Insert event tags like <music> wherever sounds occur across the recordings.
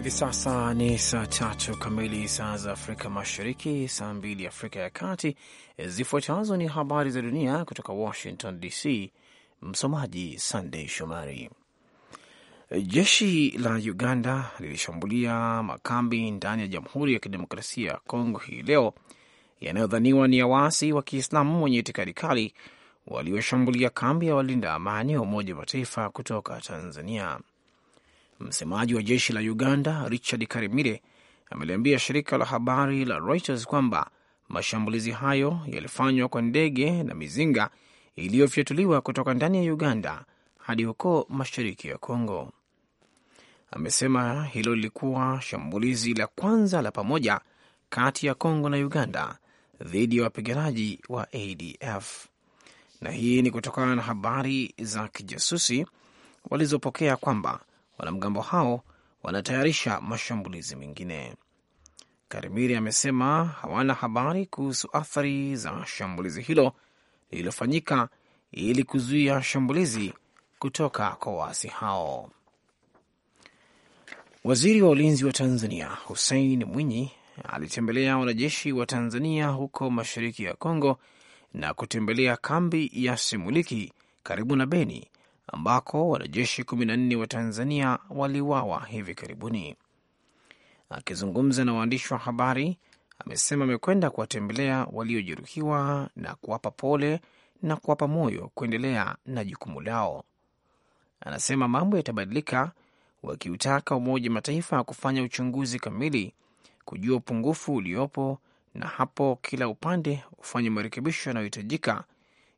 Hivi sasa ni saa tatu kamili saa za Afrika Mashariki, saa mbili Afrika ya Kati. Zifuatazo ni habari za dunia kutoka Washington DC. Msomaji Sandey Shomari. Jeshi la Uganda lilishambulia makambi ndani ya Jamhuri ya Kidemokrasia ya Kongo hii leo yanayodhaniwa ni ya waasi wa Kiislamu wenye itikadi kali walioshambulia kambi ya walinda amani wa Umoja wa Mataifa kutoka Tanzania. Msemaji wa jeshi la Uganda Richard Karimire ameliambia shirika la habari la Reuters kwamba mashambulizi hayo yalifanywa kwa ndege na mizinga iliyofyatuliwa kutoka ndani ya Uganda hadi huko mashariki ya congo Amesema hilo lilikuwa shambulizi la kwanza la pamoja kati ya congo na Uganda dhidi ya wapiganaji wa ADF, na hii ni kutokana na habari za kijasusi walizopokea kwamba wanamgambo hao wanatayarisha mashambulizi mengine. Karimiri amesema hawana habari kuhusu athari za shambulizi hilo lililofanyika ili kuzuia shambulizi kutoka kwa waasi hao. Waziri wa ulinzi wa Tanzania Hussein Mwinyi alitembelea wanajeshi wa Tanzania huko mashariki ya Kongo na kutembelea kambi ya Simuliki karibu na Beni ambako wanajeshi kumi na nne wa Tanzania waliuawa hivi karibuni. Akizungumza na waandishi wa habari, amesema amekwenda kuwatembelea waliojeruhiwa na kuwapa pole na kuwapa moyo kuendelea na jukumu lao. Anasema mambo yatabadilika wakiutaka Umoja Mataifa kufanya uchunguzi kamili kujua upungufu uliopo, na hapo kila upande ufanye marekebisho yanayohitajika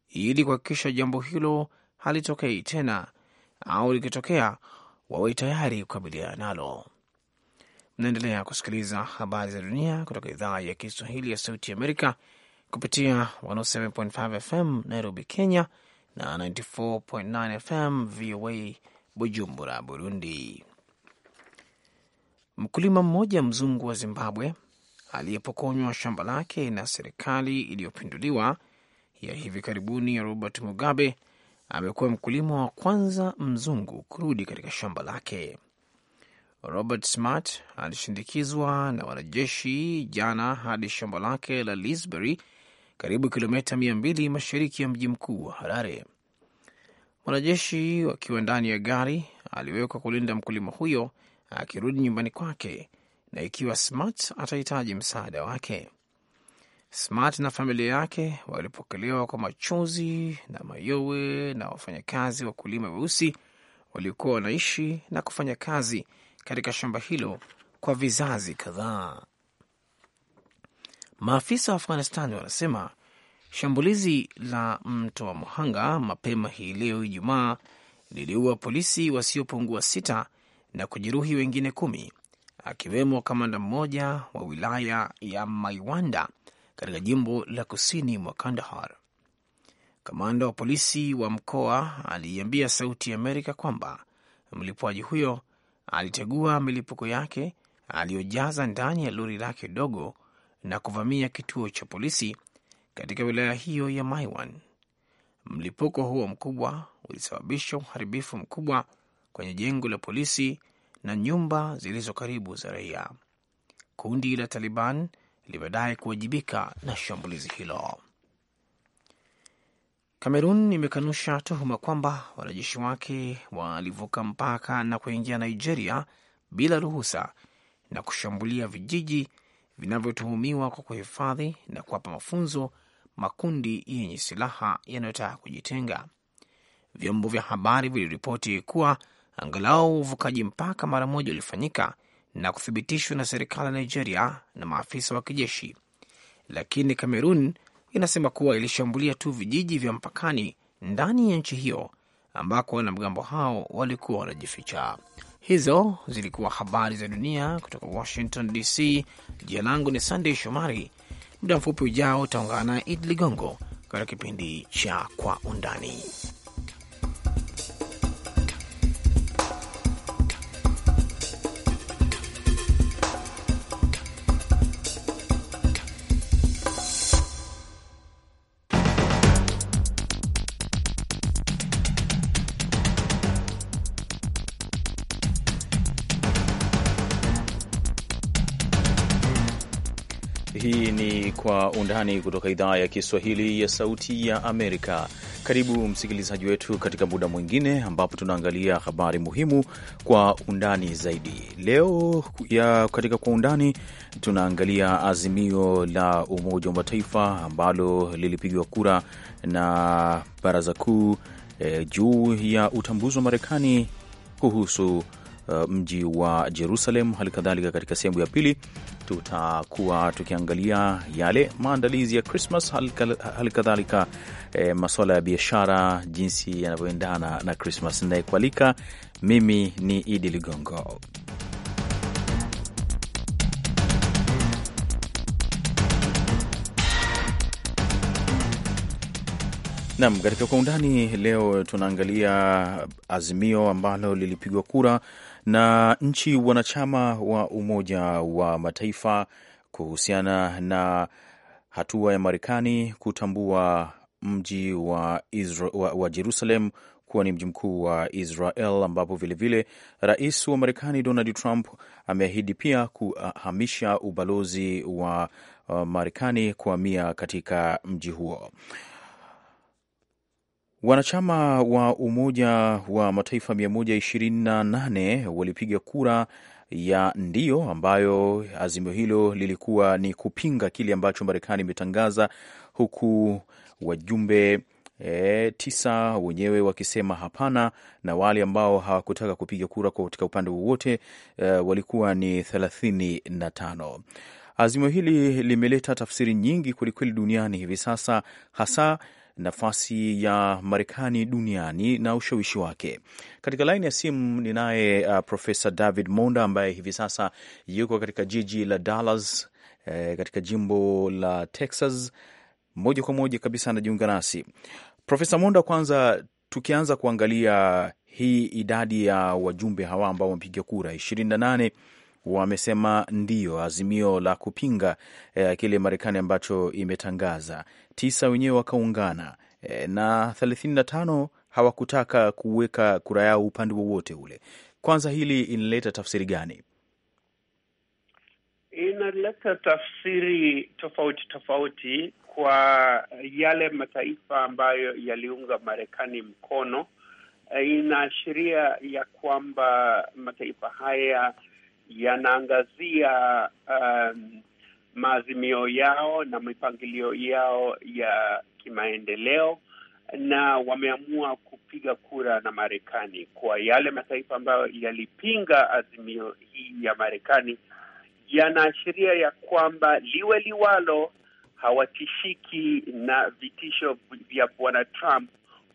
ili kuhakikisha jambo hilo halitokei tena au likitokea wawe tayari kukabiliana nalo. Mnaendelea kusikiliza habari za dunia kutoka idhaa ya Kiswahili ya Sauti ya Amerika kupitia 107.5 FM Nairobi, Kenya na 94.9 FM VOA Bujumbura, Burundi. Mkulima mmoja mzungu wa Zimbabwe aliyepokonywa shamba lake na serikali iliyopinduliwa ya hivi karibuni ya Robert Mugabe amekuwa mkulima wa kwanza mzungu kurudi katika shamba lake. Robert Smart alishindikizwa na wanajeshi jana hadi shamba lake la Lisbury, karibu kilomita 2 mashariki ya mji mkuu wa Harare. Wanajeshi wakiwa ndani ya gari aliwekwa kulinda mkulima huyo akirudi nyumbani kwake na ikiwa Smart atahitaji msaada wake. Smart na familia yake walipokelewa kwa machozi na mayowe na wafanyakazi wakulima weusi waliokuwa wanaishi na kufanya kazi katika shamba hilo kwa vizazi kadhaa. Maafisa wa Afghanistan wanasema shambulizi la mto wa muhanga mapema hii leo Ijumaa liliua polisi wasiopungua sita na kujeruhi wengine kumi, akiwemo kamanda mmoja wa wilaya ya Maiwanda katika jimbo la kusini mwa Kandahar. Kamanda wa polisi wa mkoa aliiambia Sauti ya Amerika kwamba mlipuaji huyo alitegua milipuko yake aliyojaza ndani ya lori lake dogo na kuvamia kituo cha polisi katika wilaya hiyo ya Maiwan. Mlipuko huo mkubwa ulisababisha uharibifu mkubwa kwenye jengo la polisi na nyumba zilizo karibu za raia. Kundi la Taliban limedai kuwajibika na shambulizi hilo. Kamerun imekanusha tuhuma kwamba wanajeshi wake walivuka mpaka na kuingia Nigeria bila ruhusa na kushambulia vijiji vinavyotuhumiwa kwa kuhifadhi na kuwapa mafunzo makundi yenye silaha yanayotaka kujitenga. Vyombo vya habari viliripoti kuwa angalau uvukaji mpaka mara moja ulifanyika na kuthibitishwa na serikali ya Nigeria na maafisa wa kijeshi, lakini Kamerun inasema kuwa ilishambulia tu vijiji vya mpakani ndani ya nchi hiyo ambako wanamgambo hao walikuwa wanajificha. Hizo zilikuwa habari za dunia kutoka Washington DC. Jina langu ni Sandey Shomari. Muda mfupi ujao utaungana na id Ligongo katika kipindi cha Kwa Undani. undani kutoka idhaa ya Kiswahili ya Sauti ya Amerika. Karibu msikilizaji wetu katika muda mwingine ambapo tunaangalia habari muhimu kwa undani zaidi. Leo ya katika kwa undani tunaangalia azimio la Umoja wa Mataifa ambalo lilipigwa kura na Baraza Kuu eh, juu ya utambuzi wa Marekani kuhusu Uh, mji wa Jerusalem. Hali kadhalika katika sehemu ya pili tutakuwa tukiangalia yale maandalizi ya Krismas, hali kadhalika eh, masuala ya biashara, jinsi yanavyoendana na Krismas. Nayekualika mimi ni Idi Ligongo. Nam, katika kwa undani leo tunaangalia azimio ambalo lilipigwa kura na nchi wanachama wa Umoja wa Mataifa kuhusiana na hatua ya Marekani kutambua mji wa, wa, wa Jerusalem kuwa ni mji mkuu wa Israel, ambapo vilevile rais wa Marekani Donald Trump ameahidi pia kuhamisha ubalozi wa Marekani kuhamia katika mji huo. Wanachama wa Umoja wa Mataifa 128 walipiga kura ya ndio, ambayo azimio hilo lilikuwa ni kupinga kile ambacho Marekani imetangaza, huku wajumbe e, tisa wenyewe wakisema hapana, na wale ambao hawakutaka kupiga kura katika upande wowote e, walikuwa ni tano Azimio hili limeleta tafsiri nyingi kwelikweli duniani hivi sasa, hasa nafasi ya Marekani duniani na ushawishi wake. Katika laini ya simu ninaye uh, Profesa David Monda ambaye hivi sasa yuko katika jiji la Dallas eh, katika jimbo la Texas. Moja kwa moja kabisa anajiunga nasi Profesa Monda. Kwanza tukianza kuangalia hii idadi ya wajumbe hawa ambao wamepiga kura ishirini na nane wamesema ndio azimio la kupinga eh, kile Marekani ambacho imetangaza. Tisa wenyewe wakaungana eh, na thelathini na tano hawakutaka kuweka kura yao upande wowote ule. Kwanza hili inaleta tafsiri gani? Inaleta tafsiri tofauti tofauti kwa yale mataifa ambayo yaliunga Marekani mkono. Eh, inaashiria ya kwamba mataifa haya yanaangazia um, maazimio yao na mipangilio yao ya kimaendeleo, na wameamua kupiga kura na Marekani kwa yale mataifa ambayo yalipinga azimio hii ya Marekani. Yanaashiria ya kwamba liwe liwalo, hawatishiki na vitisho vya Bwana Trump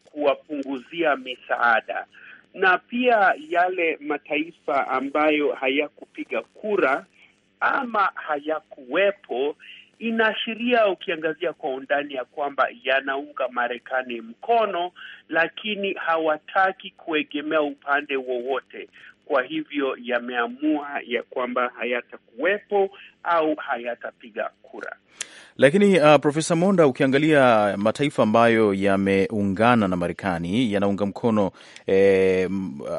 kuwapunguzia misaada na pia yale mataifa ambayo hayakupiga kura ama hayakuwepo, inaashiria ukiangazia kwa undani ya kwamba yanaunga Marekani mkono, lakini hawataki kuegemea upande wowote. Kwa hivyo yameamua ya kwamba hayatakuwepo au hayatapiga kura. Lakini uh, Profesa Monda, ukiangalia mataifa ambayo yameungana na Marekani yanaunga mkono eh,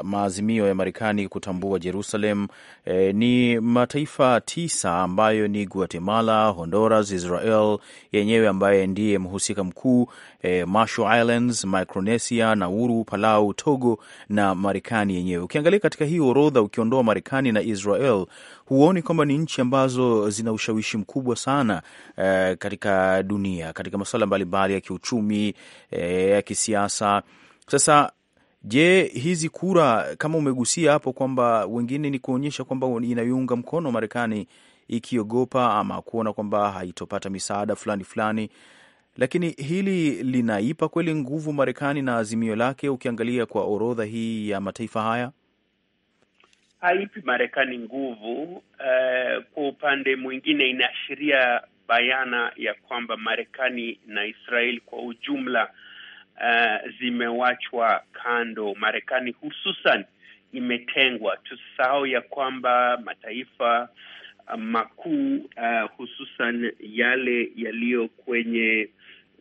maazimio ya Marekani kutambua Jerusalem eh, ni mataifa tisa ambayo ni Guatemala, Honduras, Israel yenyewe ambaye ndiye mhusika mkuu eh, Marshall Islands, Micronesia, Nauru, Palau, Togo na Marekani yenyewe. Ukiangalia katika hii orodha, ukiondoa Marekani na Israel huoni kwamba ni nchi ambazo zina ushawishi mkubwa sana eh, katika dunia katika masuala mbalimbali ya kiuchumi eh, ya kisiasa. Sasa je, hizi kura kama umegusia hapo kwamba wengine ni kuonyesha kwamba inaiunga mkono Marekani ikiogopa ama kuona kwamba haitopata misaada fulani fulani lakini hili linaipa kweli nguvu Marekani na azimio lake, ukiangalia kwa orodha hii ya mataifa haya? haipi Marekani nguvu. Uh, kwa upande mwingine inaashiria bayana ya kwamba Marekani na Israel kwa ujumla uh, zimewachwa kando. Marekani hususan imetengwa. Tusahau ya kwamba mataifa eh, makuu uh, hususan yale yaliyo kwenye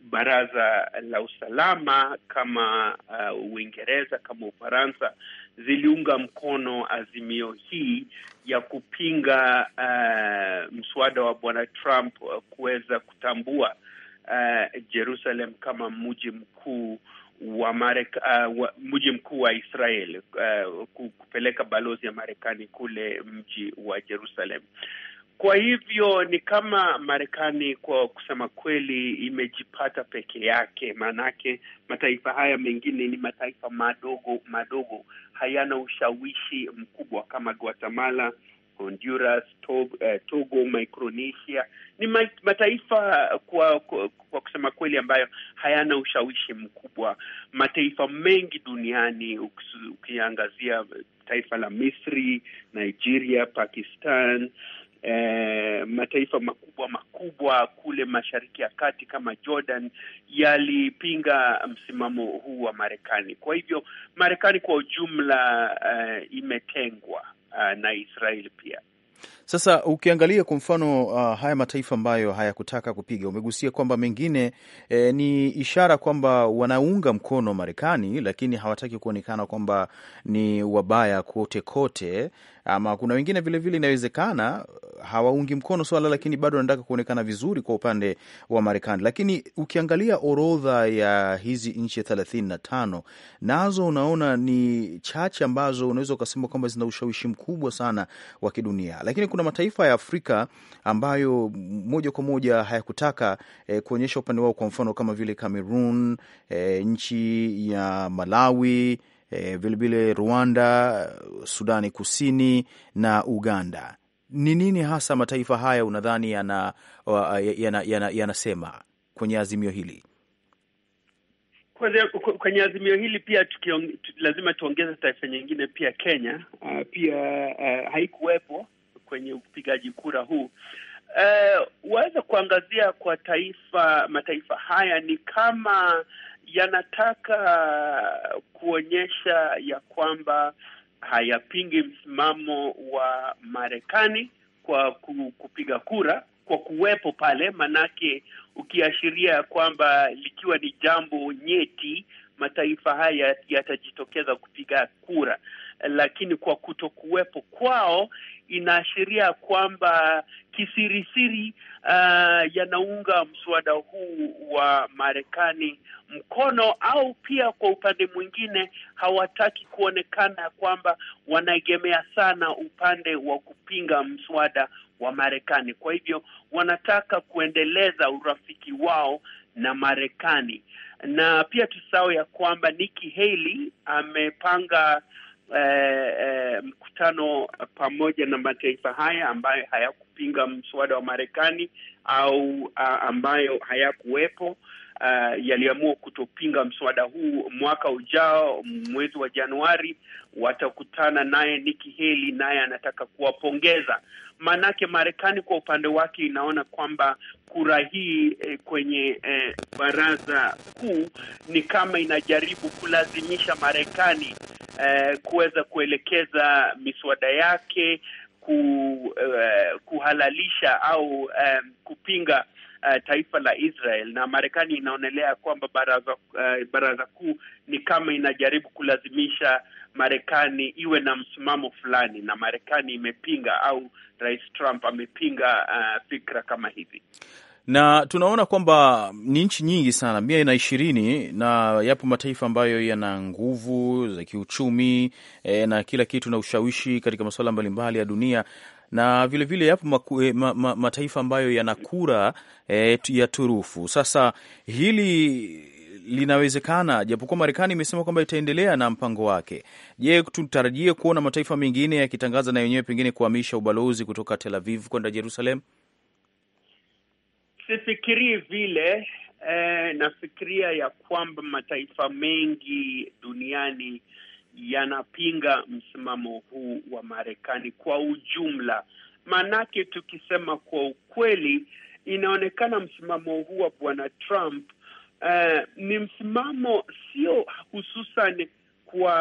baraza la usalama kama uh, Uingereza, kama Ufaransa ziliunga mkono azimio hii ya kupinga uh, mswada wa bwana Trump uh, kuweza kutambua uh, Jerusalem kama mji mkuu wa Mareka, uh, wa, mji mkuu wa Israel uh, kupeleka balozi ya Marekani kule mji wa Jerusalem. Kwa hivyo ni kama Marekani kwa kusema kweli imejipata peke yake, maanake mataifa haya mengine ni mataifa madogo madogo, hayana ushawishi mkubwa kama Guatemala, Honduras, eh, Togo, Micronesia ni mataifa kwa, kwa, kwa kusema kweli ambayo hayana ushawishi mkubwa. Mataifa mengi duniani ukiangazia taifa la Misri, Nigeria, Pakistan eh, mataifa makubwa makubwa kule Mashariki ya Kati kama Jordan yalipinga msimamo huu wa Marekani. Kwa hivyo Marekani kwa ujumla eh, imetengwa eh, na Israeli pia. Sasa ukiangalia kwa mfano uh, haya mataifa ambayo hayakutaka kupiga, umegusia kwamba mengine eh, ni ishara kwamba wanaunga mkono Marekani, lakini hawataki kuonekana kwamba ni wabaya kote kote, ama kuna wengine vilevile inawezekana uh, hawaungi mkono swala, lakini bado wanataka kuonekana vizuri kwa upande wa Marekani. Lakini ukiangalia orodha ya hizi nchi thelathini na tano nazo unaona ni chache ambazo unaweza ukasema kwamba zina ushawishi mkubwa sana wa kidunia, lakini kuna mataifa ya Afrika ambayo moja kwa moja hayakutaka e, kuonyesha upande wao, kwa mfano kama vile Cameroon, e, nchi ya Malawi, vilevile eh, Rwanda, Sudani Kusini na Uganda. Ni nini hasa mataifa haya unadhani yanasema uh, yana, yana, yana, yana kwenye azimio hili? Kwenye azimio hili pia tukiong, lazima tuongeze taifa nyingine pia Kenya uh, pia uh, haikuwepo kwenye upigaji kura huu uh, waweza kuangazia kwa taifa mataifa haya ni kama yanataka kuonyesha ya kwamba hayapingi msimamo wa Marekani kwa kupiga kura kwa kuwepo pale, manake ukiashiria ya kwamba likiwa ni jambo nyeti mataifa haya yatajitokeza kupiga kura lakini kwa kutokuwepo kwao inaashiria kwamba kisirisiri uh, yanaunga mswada huu wa Marekani mkono, au pia kwa upande mwingine hawataki kuonekana kwamba wanaegemea sana upande wa kupinga mswada wa Marekani. Kwa hivyo wanataka kuendeleza urafiki wao na Marekani, na pia tusahau ya kwamba Nikki Haley amepanga Eh, eh, mkutano pamoja na mataifa haya ambayo hayakupinga mswada wa Marekani au a, ambayo hayakuwepo Uh, yaliamua kutopinga mswada huu. Mwaka ujao mwezi wa Januari watakutana naye Nikki Haley, naye anataka kuwapongeza maanake Marekani kwa upande wake inaona kwamba kura hii eh, kwenye eh, baraza kuu ni kama inajaribu kulazimisha Marekani eh, kuweza kuelekeza miswada yake ku, eh, kuhalalisha au eh, kupinga Uh, taifa la Israel na Marekani inaonelea kwamba baraza uh, baraza kuu ni kama inajaribu kulazimisha Marekani iwe na msimamo fulani, na Marekani imepinga au Rais Trump amepinga uh, fikra kama hivi na tunaona kwamba ni nchi nyingi sana mia na ishirini na yapo mataifa ambayo yana nguvu za kiuchumi e, na kila kitu na ushawishi katika masuala mbalimbali ya dunia na vilevile vile yapo maku, e, ma, ma, mataifa ambayo yana kura e, ya turufu. Sasa hili linawezekana, japokuwa Marekani imesema kwamba itaendelea na mpango wake. Je, tutarajie kuona mataifa mengine yakitangaza na yenyewe pengine kuhamisha ubalozi kutoka Tel Aviv kwenda Jerusalem? Sifikirii vile eh, nafikiria ya kwamba mataifa mengi duniani yanapinga msimamo huu wa Marekani kwa ujumla. Maanake tukisema kwa ukweli, inaonekana msimamo huu wa bwana Trump uh, ni msimamo sio hususan kwa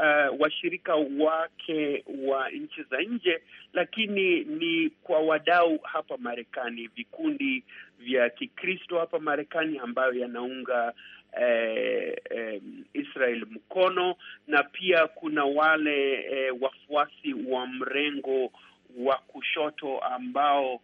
uh, washirika wake wa nchi za nje, lakini ni kwa wadau hapa Marekani, vikundi vya Kikristo hapa Marekani ambayo yanaunga uh, um, Israel mkono, na pia kuna wale uh, wafuasi wa mrengo wa kushoto ambao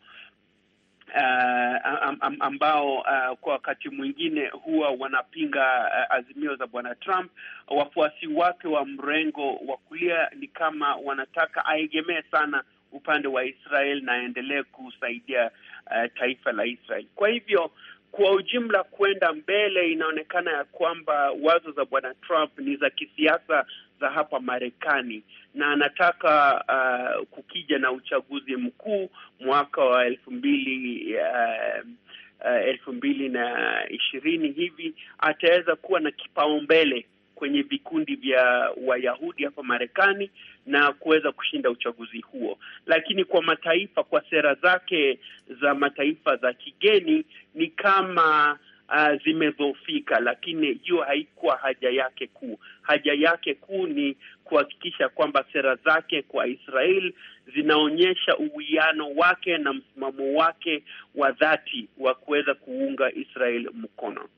uh, ambao uh, kwa wakati mwingine huwa wanapinga uh, azimio za bwana Trump. Wafuasi wake wa mrengo wa kulia ni kama wanataka aegemee sana upande wa Israel na aendelee kusaidia uh, taifa la Israel. Kwa hivyo kwa ujumla, kwenda mbele, inaonekana ya kwamba wazo za bwana Trump ni za kisiasa za hapa Marekani na anataka uh, kukija na uchaguzi mkuu mwaka wa elfu mbili uh, uh, elfu mbili na ishirini hivi ataweza kuwa na kipaumbele kwenye vikundi vya Wayahudi hapa Marekani na kuweza kushinda uchaguzi huo. Lakini kwa mataifa, kwa sera zake za mataifa za kigeni ni kama uh, ah, zimedhofika, lakini hiyo haikuwa haja yake kuu. Haja yake kuu ni kuhakikisha kwamba sera zake kwa Israel zinaonyesha uwiano wake na msimamo wake wa dhati wa kuweza kuunga Israel mkono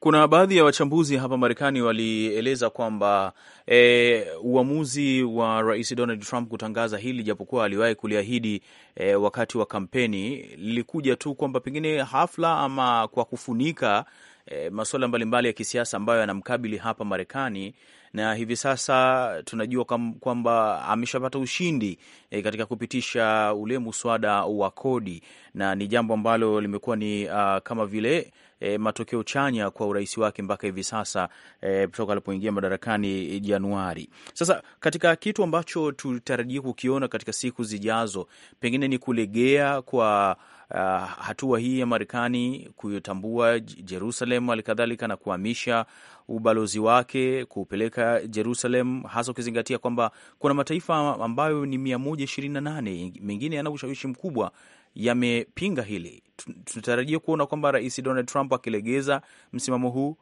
kuna baadhi ya wachambuzi hapa Marekani walieleza kwamba e, uamuzi wa Rais Donald Trump kutangaza hili, japokuwa aliwahi kuliahidi e, wakati wa kampeni, lilikuja tu kwamba pengine hafla ama kwa kufunika e, masuala mbalimbali ya kisiasa ambayo yanamkabili hapa Marekani, na hivi sasa tunajua kwamba ameshapata ushindi e, katika kupitisha ule muswada wa kodi, na ni jambo ambalo limekuwa ni uh, kama vile E, matokeo chanya kwa urais wake mpaka hivi sasa e, toka alipoingia madarakani Januari. Sasa katika kitu ambacho tutarajia kukiona katika siku zijazo, pengine ni kulegea kwa uh, hatua hii ya Marekani kuyotambua Jerusalem, halikadhalika na kuhamisha ubalozi wake kupeleka Jerusalem, hasa ukizingatia kwamba kuna mataifa ambayo ni moja ishirini na nane mengine yana ushawishi mkubwa yamepinga hili. Tunatarajia kuona kwamba Rais Donald Trump akilegeza msimamo huu.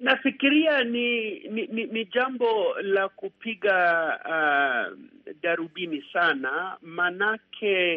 Nafikiria ni, ni, ni, ni jambo la kupiga uh, darubini sana, manake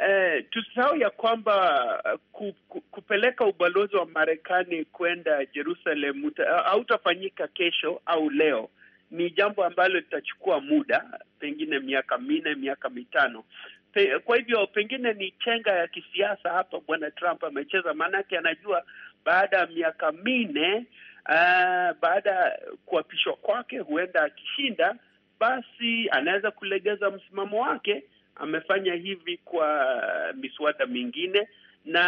uh, tusahau ya kwamba ku, ku, kupeleka ubalozi wa Marekani kwenda Jerusalem hautafanyika kesho au leo ni jambo ambalo litachukua muda, pengine miaka minne, miaka mitano. Pe, kwa hivyo pengine ni chenga ya kisiasa hapa bwana Trump amecheza, maanake anajua baada ya miaka minne Uh, baada ya kuapishwa kwake, huenda akishinda, basi anaweza kulegeza msimamo wake. Amefanya hivi kwa miswada mingine na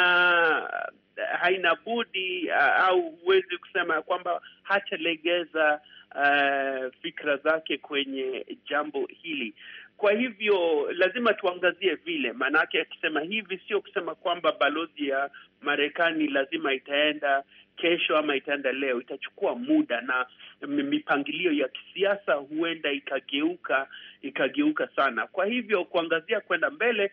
eh, haina budi eh, au huwezi kusema kwamba hatalegeza uh, eh, fikra zake kwenye jambo hili. Kwa hivyo lazima tuangazie vile, maanake akisema hivi sio kusema kwamba balozi ya Marekani lazima itaenda kesho ama itaenda leo, itachukua muda na mipangilio ya kisiasa huenda ikageuka ikageuka sana. Kwa hivyo kuangazia kwenda mbele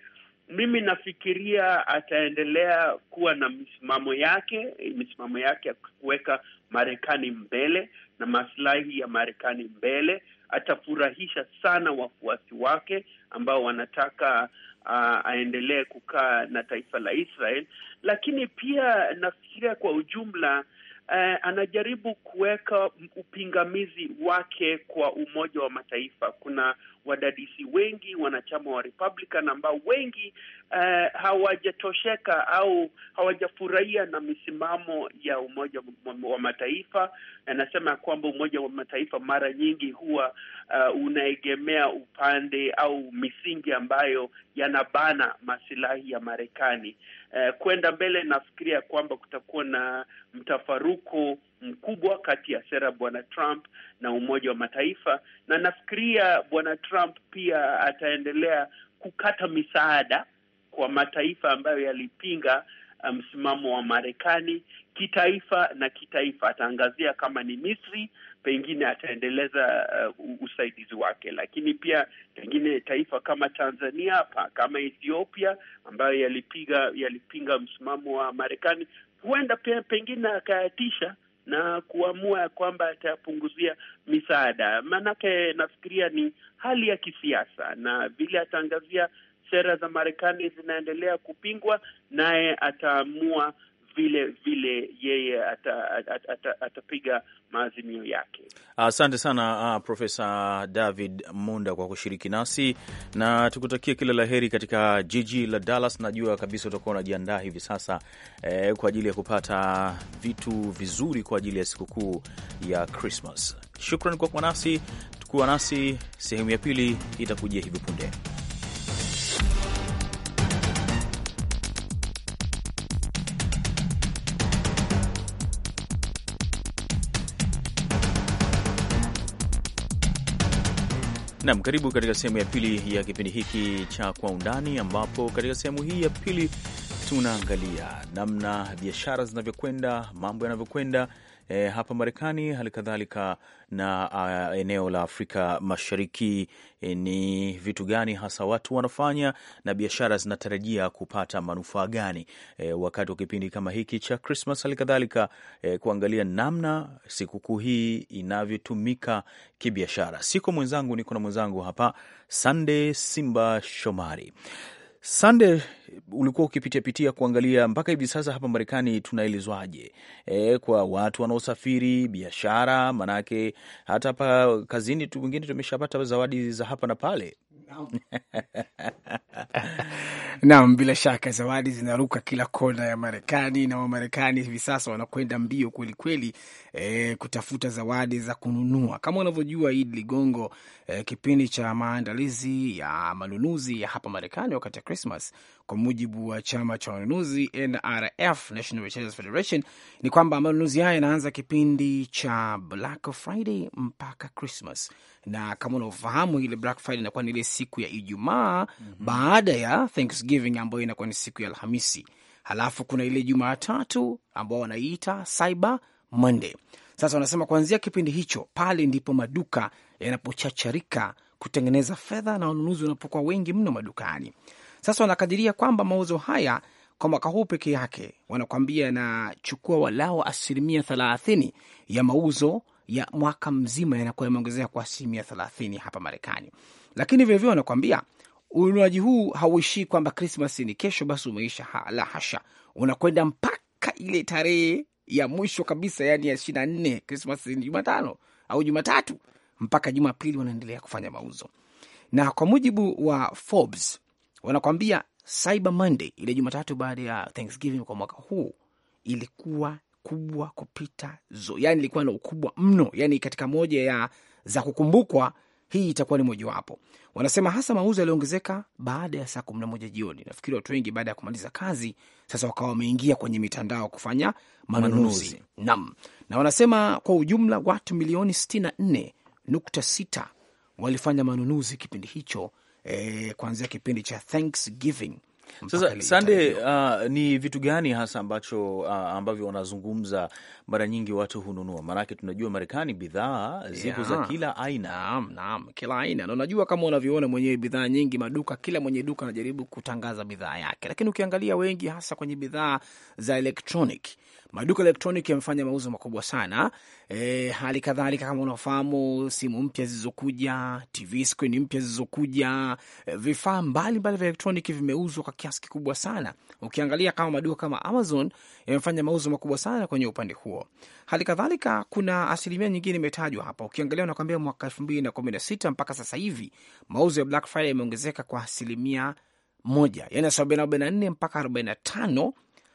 mimi nafikiria ataendelea kuwa na misimamo yake, misimamo yake ya kuweka Marekani mbele na masilahi ya Marekani mbele. Atafurahisha sana wafuasi wake ambao wanataka uh, aendelee kukaa na taifa la Israel, lakini pia nafikiria kwa ujumla Uh, anajaribu kuweka upingamizi wake kwa Umoja wa Mataifa. Kuna wadadisi wengi, wanachama wa Republican ambao wengi uh, hawajatosheka au hawajafurahia na misimamo ya Umoja wa Mataifa. Anasema ya kwamba Umoja wa Mataifa mara nyingi huwa uh, unaegemea upande au misingi ambayo yanabana masilahi ya Marekani. Uh, kwenda mbele, nafikiria kwamba kutakuwa na mtafaruko mkubwa kati ya sera bwana Trump na Umoja wa Mataifa, na nafikiria bwana Trump pia ataendelea kukata misaada kwa mataifa ambayo yalipinga uh, msimamo um, wa Marekani kitaifa na kitaifa. Ataangazia kama ni Misri, pengine ataendeleza uh, usaidizi wake, lakini pia pengine taifa kama Tanzania hapa, kama Ethiopia ambayo yalipiga yalipinga msimamo wa Marekani, huenda pengine akayatisha na kuamua kwamba atapunguzia misaada. Maanake nafikiria ni hali ya kisiasa na vile ataangazia sera za Marekani zinaendelea kupingwa, naye ataamua vile vile yeye atapiga at, at, at, maazimio yake. Asante sana ah, Profesa David Munda kwa kushiriki nasi na tukutakia kila la heri katika jiji la Dallas. Najua kabisa utakuwa unajiandaa hivi sasa eh, kwa ajili ya kupata vitu vizuri kwa ajili ya sikukuu ya Christmas. Shukran kwa kuwa nasi, tukuwa nasi. Sehemu ya pili itakujia hivi punde. Nam, karibu katika sehemu ya pili ya kipindi hiki cha Kwa Undani, ambapo katika sehemu hii ya pili tunaangalia namna biashara zinavyokwenda, mambo yanavyokwenda e, hapa Marekani, hali kadhalika na a, ah, eneo la Afrika Mashariki e, ni vitu gani hasa watu wanafanya na biashara zinatarajia kupata manufaa gani e, wakati wa kipindi kama hiki cha Krismas, hali kadhalika e, kuangalia namna sikukuu hii inavyotumika kibiashara. Siko mwenzangu, niko na mwenzangu hapa sande Simba Shomari. Sande, ulikuwa ukipitiapitia kuangalia mpaka hivi sasa hapa Marekani tunaelezwaje e, kwa watu wanaosafiri, biashara, manake hata hapa kazini tu wengine tumeshapata zawadi za hapa na pale <laughs> Naam, bila shaka zawadi zinaruka kila kona ya Marekani na Wamarekani hivi sasa wanakwenda mbio kwelikweli e, eh, kutafuta zawadi za kununua. Kama unavyojua Idi Ligongo, e, kipindi cha maandalizi ya manunuzi ya hapa Marekani wakati ya Christmas, kwa mujibu wa chama cha wanunuzi NRF, National Retailers Federation, ni kwamba manunuzi haya yanaanza kipindi cha Black Friday mpaka Christmas na kama unavyofahamu ile Black Friday inakuwa ni ile siku ya Ijumaa mm -hmm. baada ya Thanksgiving ambayo inakuwa ni siku ya Alhamisi, halafu kuna ile Jumatatu ambao wanaiita Cyber Monday. Sasa wanasema kuanzia kipindi hicho, pale ndipo maduka yanapochacharika kutengeneza fedha na wanunuzi wanapokuwa wengi mno madukani. Sasa wanakadiria kwamba mauzo haya kwa mwaka huu peke yake, wanakwambia yanachukua walao asilimia thelathini ya mauzo ya mwaka mzima yanakuwa yameongezeka kwa asilimia thelathini hapa Marekani. Lakini vilevile wanakwambia ununuaji huu hauishii kwamba Krismas ni kesho basi umeisha. Ha, la hasha, unakwenda mpaka ile tarehe ya mwisho kabisa, yani ya ishirini na nne. Krismas ni Jumatano au Jumatatu, mpaka Jumapili wanaendelea kufanya mauzo, na kwa mujibu wa Forbes wanakwambia Cyber Monday ile Jumatatu baada ya Thanksgiving kwa mwaka huu ilikuwa kubwa kupita zo, yani ilikuwa na ukubwa mno, yani katika moja ya za kukumbukwa, hii itakuwa ni mojawapo. Wanasema hasa mauzo yaliongezeka baada ya saa kumi na moja jioni. Nafikiri watu wengi baada ya kumaliza kazi sasa wakawa wameingia kwenye mitandao kufanya manunuzi nam, na wanasema kwa ujumla watu milioni sitini na nne nukta sita walifanya manunuzi kipindi hicho, eh, kuanzia kipindi cha Thanksgiving sasa Sande, uh, ni vitu gani hasa ambacho uh, ambavyo wanazungumza mara nyingi watu hununua? Maanake tunajua Marekani bidhaa ziko yeah, za kila aina. Naam, naam, kila aina, na unajua kama unavyoona mwenyewe bidhaa nyingi, maduka, kila mwenye duka anajaribu kutangaza bidhaa yake, lakini ukiangalia wengi hasa kwenye bidhaa za electronic maduka elektroniki yamefanya mauzo makubwa sana e, hali kadhalika kama unafahamu, simu mpya zilizokuja, TV screen mpya zilizokuja, e, vifaa mbalimbali vya elektroniki vimeuzwa kwa kiasi kikubwa sana. Ukiangalia kama maduka kama Amazon yamefanya mauzo makubwa sana kwenye upande huo. Hali kadhalika kuna asilimia nyingine imetajwa hapa. Ukiangalia unakwambia mwaka elfu mbili na kumi na sita mpaka sasa hivi mauzo ya Black Friday yameongezeka kwa asilimia moja, yani asilimia arobaini na nne mpaka arobaini na tano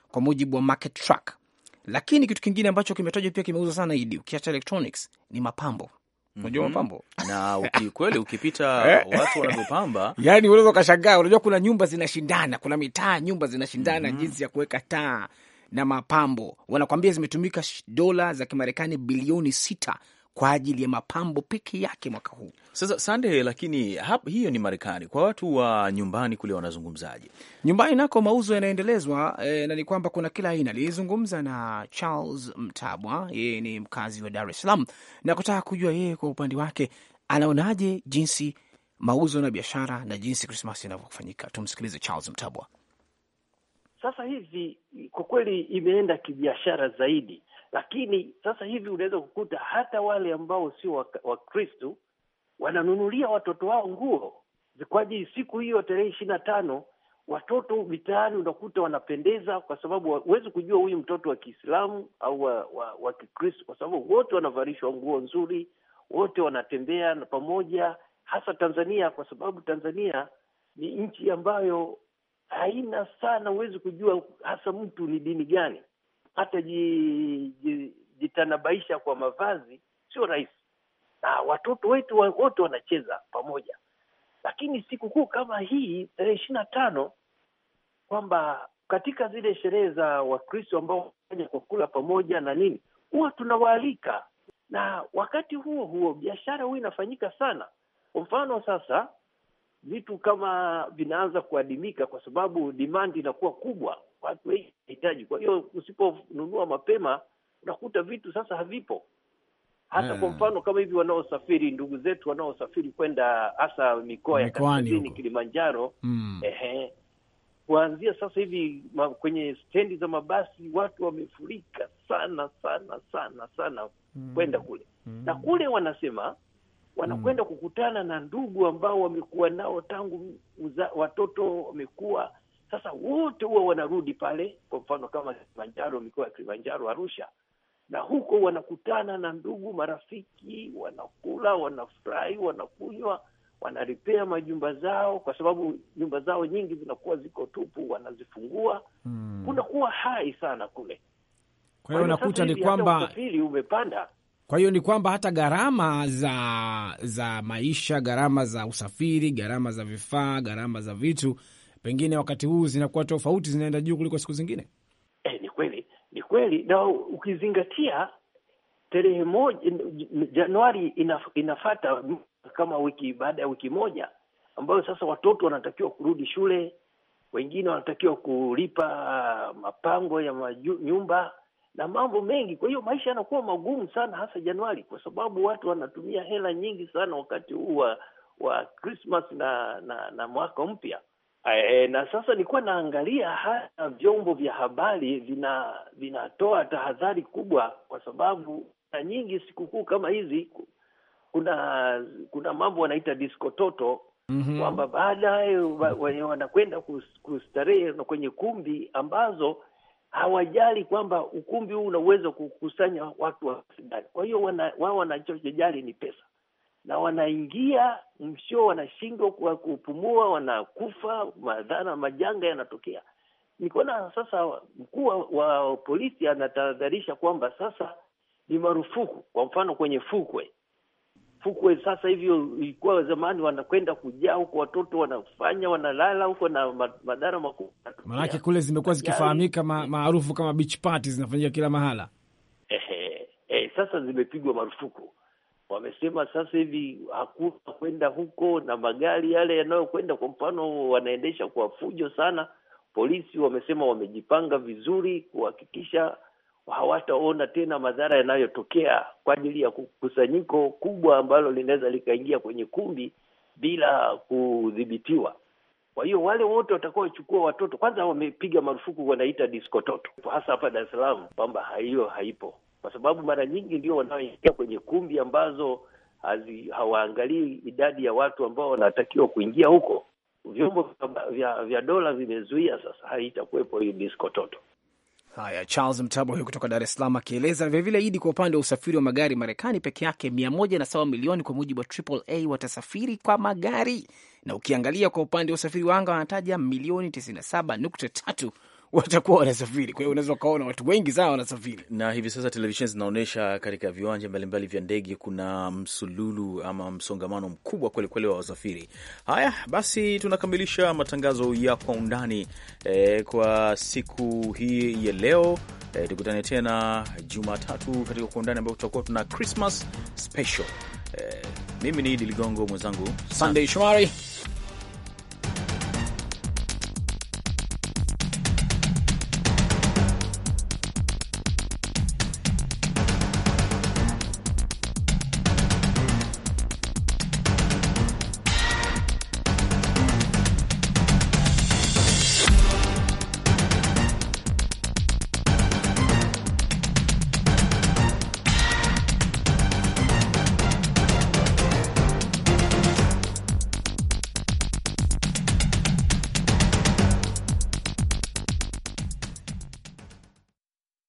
kwa mujibu wa Market Track lakini kitu kingine ambacho kimetajwa pia kimeuzwa sana Idi, ukiacha electronics ni mapambo. Unajua mm -hmm. mapambo na uki, kweli ukipita <laughs> eh. watu wanavyopamba, yani unaweza ukashangaa. Unajua kuna nyumba zinashindana, kuna mitaa nyumba zinashindana mm -hmm. jinsi ya kuweka taa na mapambo. Wanakwambia zimetumika dola za Kimarekani bilioni sita kwa ajili ya mapambo peke yake mwaka huu. Sasa Sande, lakini hap, hiyo ni Marekani. Kwa watu wa nyumbani kule wanazungumzaje? Nyumbani nako mauzo yanaendelezwa e, na ni kwamba kuna kila aina. Nilizungumza na Charles Mtabwa, yeye ni mkazi wa Dar es Salaam na kutaka kujua yeye kwa upande wake anaonaje jinsi mauzo na biashara na jinsi Krismasi inavyofanyika. Tumsikilize Charles Mtabwa. Sasa hivi kwa kweli imeenda kibiashara zaidi lakini sasa hivi unaweza kukuta hata wale ambao sio wakristu wa wananunulia watoto wao nguo kwa ajili siku hiyo tarehe ishirini na tano. Watoto mitaani unakuta wanapendeza, kwa sababu huwezi kujua huyu mtoto wa Kiislamu au wa, wa, wa Kikristo, kwa sababu wote wanavalishwa nguo nzuri, wote wanatembea na pamoja, hasa Tanzania, kwa sababu Tanzania ni nchi ambayo haina sana, huwezi kujua hasa mtu ni dini gani hata jitanabaisha kwa mavazi sio rahisi, na watoto wetu wote wanacheza pamoja, lakini sikukuu kama hii tarehe ishirini na tano kwamba katika zile sherehe za Wakristo ambao wanafanya kwa kula pamoja na nini, huwa tunawaalika, na wakati huo huo biashara huwa inafanyika sana. Kwa mfano sasa, vitu kama vinaanza kuadimika kwa sababu dimandi inakuwa kubwa watu wengi wanahitaji. Kwa hiyo usiponunua mapema unakuta vitu sasa havipo hata yeah. Kwa eh. mfano kama hivi wanaosafiri ndugu zetu wanaosafiri kwenda hasa mikoa ya kaskazini Kilimanjaro, mm. ehe, kuanzia sasa hivi ma, kwenye stendi za mabasi watu wamefurika sana sana sana sana mm. kwenda kule mm. na kule wanasema wanakwenda hmm. kukutana na ndugu ambao wamekuwa nao tangu uza, watoto wamekuwa sasa wote huwa wanarudi pale, kwa mfano kama Kilimanjaro, mikoa ya Kilimanjaro, Arusha, na huko wanakutana na ndugu, marafiki, wanakula, wanafurahi, wanakunywa, wanaripea majumba zao, kwa sababu nyumba zao nyingi zinakuwa ziko tupu, wanazifungua. Hmm, kunakuwa hai sana kule. Kwa hiyo unakuta ni kwamba usafiri umepanda kwa hiyo ni kwamba hata gharama za za maisha, gharama za usafiri, gharama za vifaa, gharama za vitu pengine wakati huu zinakuwa tofauti, zinaenda juu kuliko siku zingine. Eh, ni kweli, ni kweli, na ukizingatia tarehe moja Januari inaf, inafata kama wiki baada ya wiki moja, ambayo sasa watoto wanatakiwa kurudi shule, wengine wanatakiwa kulipa mapango ya maju, nyumba na mambo mengi. Kwa hiyo maisha yanakuwa magumu sana, hasa Januari, kwa sababu watu wanatumia hela nyingi sana wakati huu wa wa Christmas na na, na mwaka mpya. E, na sasa nilikuwa naangalia hata vyombo vya habari vina vinatoa tahadhari kubwa, kwa sababu na nyingi sikukuu kama hizi kuna kuna mambo wanaita diskototo mm -hmm. kwamba baadaye wenye wanakwenda kustarehe kwenye kumbi ambazo hawajali kwamba ukumbi huu una uwezo kukusanya watu wa kwa hiyo wao wanachojali ni pesa na wanaingia msio, wanashindwa kupumua, wanakufa, madhara majanga yanatokea. Nikuona sasa mkuu wa polisi anatahadharisha kwamba sasa ni marufuku, kwa mfano kwenye fukwe fukwe sasa hivyo, ilikuwa zamani wanakwenda kujaa huko, watoto wanafanya wanalala huko na madhara makubwa, maanake kule zimekuwa zikifahamika yaani maarufu kama beach party, zinafanyika kila mahala. Ehe, eh, sasa zimepigwa marufuku wamesema sasa hivi hakuna kwenda huko na magari yale yanayokwenda, kwa mfano, wanaendesha kwa fujo sana. Polisi wamesema wamejipanga vizuri kuhakikisha hawataona tena madhara yanayotokea kwa ajili ya kusanyiko kubwa ambalo linaweza likaingia kwenye kumbi bila kudhibitiwa. Kwa hiyo wale wote watakaochukua watoto, kwanza wamepiga marufuku, wanaita diskototo, hasa hapa Dar es Salaam, kwamba hiyo haipo kwa sababu mara nyingi ndio wanaoingia kwenye kumbi ambazo hawaangalii idadi ya watu ambao wanatakiwa kuingia huko. Vyombo vya, vya dola vimezuia sasa, haitakuwepo hii disco toto. Haya, Charles Mtabo huyo kutoka Dar es Salaam akieleza vilevile. Idi, kwa upande wa usafiri wa magari, Marekani peke yake mia moja na saba milioni kwa mujibu wa AAA watasafiri kwa magari, na ukiangalia kwa upande wa usafiri wa anga wanataja milioni nukta tatu <laughs> watakuwa wanasafiri. Kwa hiyo unaweza ukaona watu wengi sana wanasafiri, na hivi sasa televisheni zinaonyesha katika viwanja mbalimbali vya ndege kuna msululu ama msongamano mkubwa kwelikweli wa wasafiri. Haya basi, tunakamilisha matangazo ya kwa undani eh, kwa siku hii ya leo. Eh, tukutane tena Jumatatu katika kwa undani ambayo tutakuwa tuna Christmas special. Eh, mimi ni Idi Ligongo, mwenzangu Sunday Shomari.